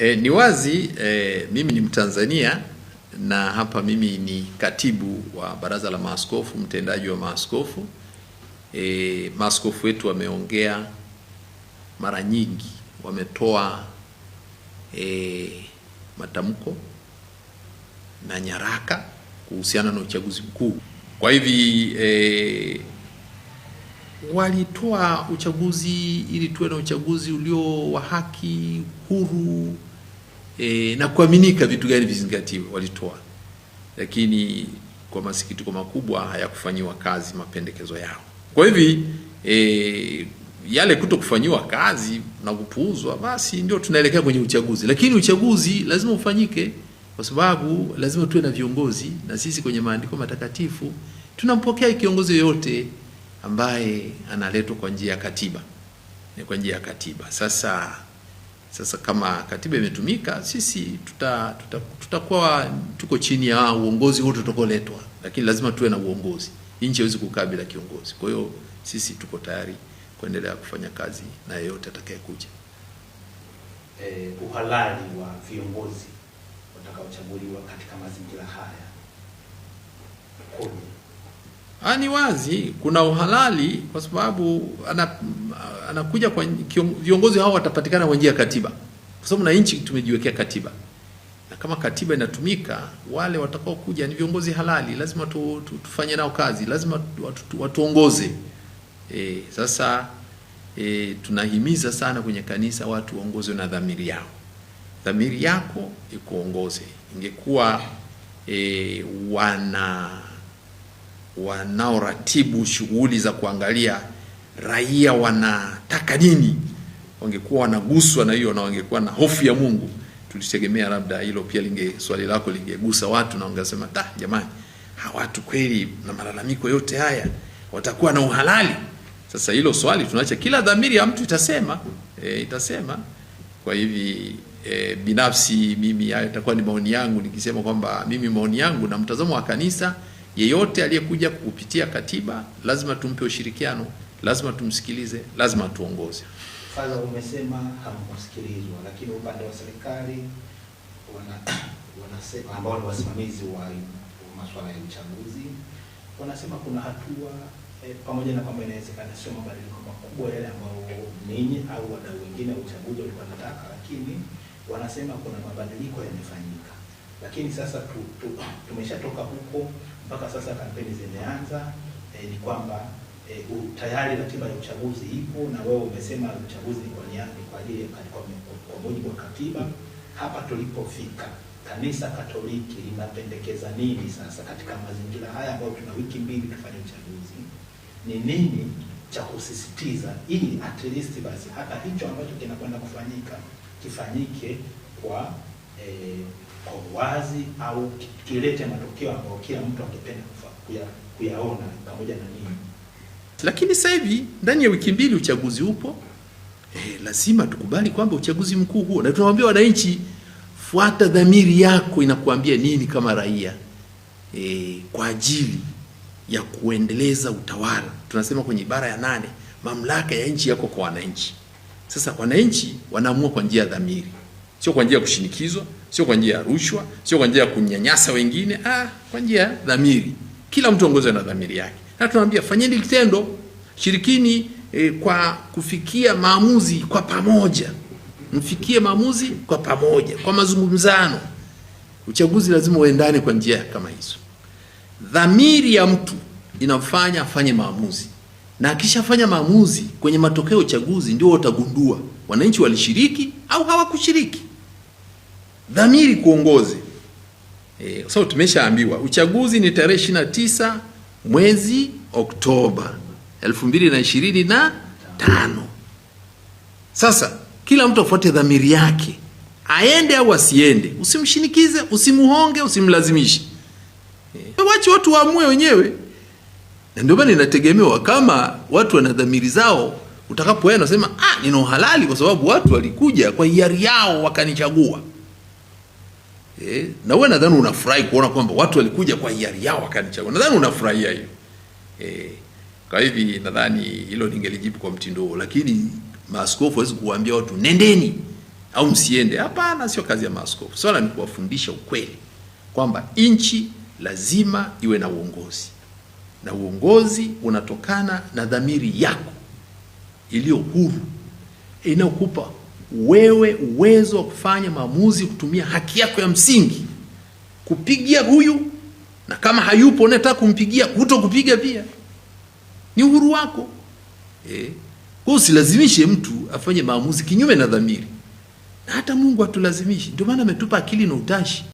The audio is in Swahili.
E, ni wazi e, mimi ni Mtanzania na hapa mimi ni katibu wa Baraza la Maaskofu, mtendaji wa maaskofu. E, maaskofu wetu wameongea mara nyingi, wametoa e, matamko na nyaraka kuhusiana na uchaguzi mkuu. Kwa hivi e, walitoa uchaguzi ili tuwe na uchaguzi ulio wa haki, huru e, na kuaminika vitu gani vizingatiwe walitoa, lakini kwa masikitiko makubwa hayakufanyiwa kazi mapendekezo yao. Kwa hivi e, yale kuto kufanyiwa kazi na kupuuzwa, basi ndio tunaelekea kwenye uchaguzi. Lakini uchaguzi lazima ufanyike, kwa sababu lazima tuwe na viongozi, na sisi kwenye maandiko matakatifu tunampokea kiongozi yoyote ambaye analetwa kwa njia ya katiba, kwa njia ya katiba sasa sasa kama katiba imetumika, sisi tutakuwa tuta, tuta tuko chini ya uongozi huu tutakoletwa, lakini lazima tuwe na uongozi. Nchi haiwezi kukaa bila kiongozi. Kwa hiyo sisi tuko tayari kuendelea kufanya kazi na yeyote atakayekuja. Eh, uhalali wa viongozi watakaochaguliwa katika mazingira haya ah, ni wazi kuna uhalali kwa sababu ana anakuja kwa viongozi hao watapatikana kwa njia ya katiba, kwa sababu na nchi tumejiwekea katiba, na kama katiba inatumika, wale watakao kuja ni viongozi halali, lazima tu, tu, tufanye nao kazi, lazima watu, tu, watuongoze. E, sasa e, tunahimiza sana kwenye kanisa watu waongozwe na dhamiri yao. Dhamiri yako ikuongoze. Ingekuwa e, wana wanaoratibu shughuli za kuangalia raia wanataka nini, wangekuwa wanaguswa na hiyo na wangekuwa na hofu ya Mungu, tulitegemea labda hilo pia linge swali lako lingegusa watu na wangesema ta, jamani, hawa watu kweli na malalamiko yote haya watakuwa na uhalali. Sasa hilo swali tunaacha kila dhamiri ya mtu itasema e, itasema kwa hivi e, binafsi mimi haya itakuwa ni maoni yangu nikisema kwamba mimi maoni yangu na mtazamo wa kanisa, yeyote aliyekuja kupitia katiba lazima tumpe ushirikiano lazima tumsikilize, lazima tuongoze. Faza, umesema hamkusikilizwa, lakini upande wa serikali wana, wanasema ambao ni wasimamizi wa masuala ya uchaguzi wanasema kuna hatua eh, pamoja na kwamba inawezekana sio mabadiliko makubwa yale ambayo ninyi au wadau wengine wa uchaguzi walikuwa wanataka, lakini wanasema kuna mabadiliko yamefanyika. Lakini sasa tu, tu, tumeshatoka huko mpaka sasa kampeni zimeanza, eh, ni kwamba e, tayari ratiba ya uchaguzi ipo na wewe umesema uchaguzi ni kwa niaba kwa ajili kwa mujibu wa katiba. Hapa tulipofika, kanisa Katoliki linapendekeza nini sasa katika mazingira haya ambayo tuna wiki mbili tufanye uchaguzi? Ni nini cha kusisitiza ili at least basi hata hicho ambacho kinakwenda kufanyika kifanyike kwa e, kwa uwazi au kilete matokeo ambayo kila mtu angependa kuyaona pamoja na nini lakini sasa hivi ndani ya wiki mbili uchaguzi upo. Eh, lazima tukubali kwamba uchaguzi mkuu huo, na tunawaambia wananchi, fuata dhamiri yako inakuambia nini kama raia e, kwa ajili ya kuendeleza utawala. Tunasema kwenye ibara ya nane, mamlaka ya nchi yako kwa wananchi. Sasa wananchi wanaamua kwa njia ya dhamiri, sio kwa njia ya kushinikizwa, sio kwa njia ya rushwa, sio kwa njia ya kunyanyasa wengine, ah, kwa njia ya dhamiri. Kila mtu ongozwe na dhamiri yake na tunaambia fanyeni kitendo, shirikini e, kwa kufikia maamuzi kwa pamoja, mfikie maamuzi kwa pamoja, kwa mazungumzano. Uchaguzi lazima uendane kwa njia kama hizo. Dhamiri ya mtu inamfanya afanye maamuzi, na akishafanya maamuzi kwenye matokeo ya uchaguzi, ndio utagundua wananchi walishiriki au hawakushiriki. Dhamiri kuongoze. E, eh, so tumeshaambiwa uchaguzi ni tarehe 29 mwezi Oktoba tano. Sasa kila mtu afuate dhamiri yake, aende au asiende, usimshinikize, usimuhonge, usimlazimishe, eh, wache watu waamue wenyewe. Na ndio maana inategemewa kama watu wana dhamiri zao, utakapoenda unasema ah, nina uhalali kwa sababu watu walikuja kwa hiari yao wakanichagua eh, na wewe nadhani unafurahi kuona kwamba watu walikuja kwa hiari yao wakanichagua. Nadhani unafurahia hiyo eh. Kwa hivi nadhani hilo ningelijibu kwa mtindo huo, lakini maaskofu hawezi kuambia watu nendeni au msiende. Hapana, sio kazi ya maaskofu. Swala ni kuwafundisha ukweli kwamba nchi lazima iwe na uongozi, na uongozi unatokana na dhamiri yako iliyo huru inayokupa wewe uwezo wa kufanya maamuzi kutumia haki yako ya msingi kupigia huyu, na kama hayupo unataka kumpigia, kuto kupiga pia ni uhuru wako eh. Kwa usilazimishe mtu afanye maamuzi kinyume na dhamiri, na hata Mungu hatulazimishi. Ndio maana ametupa akili na utashi.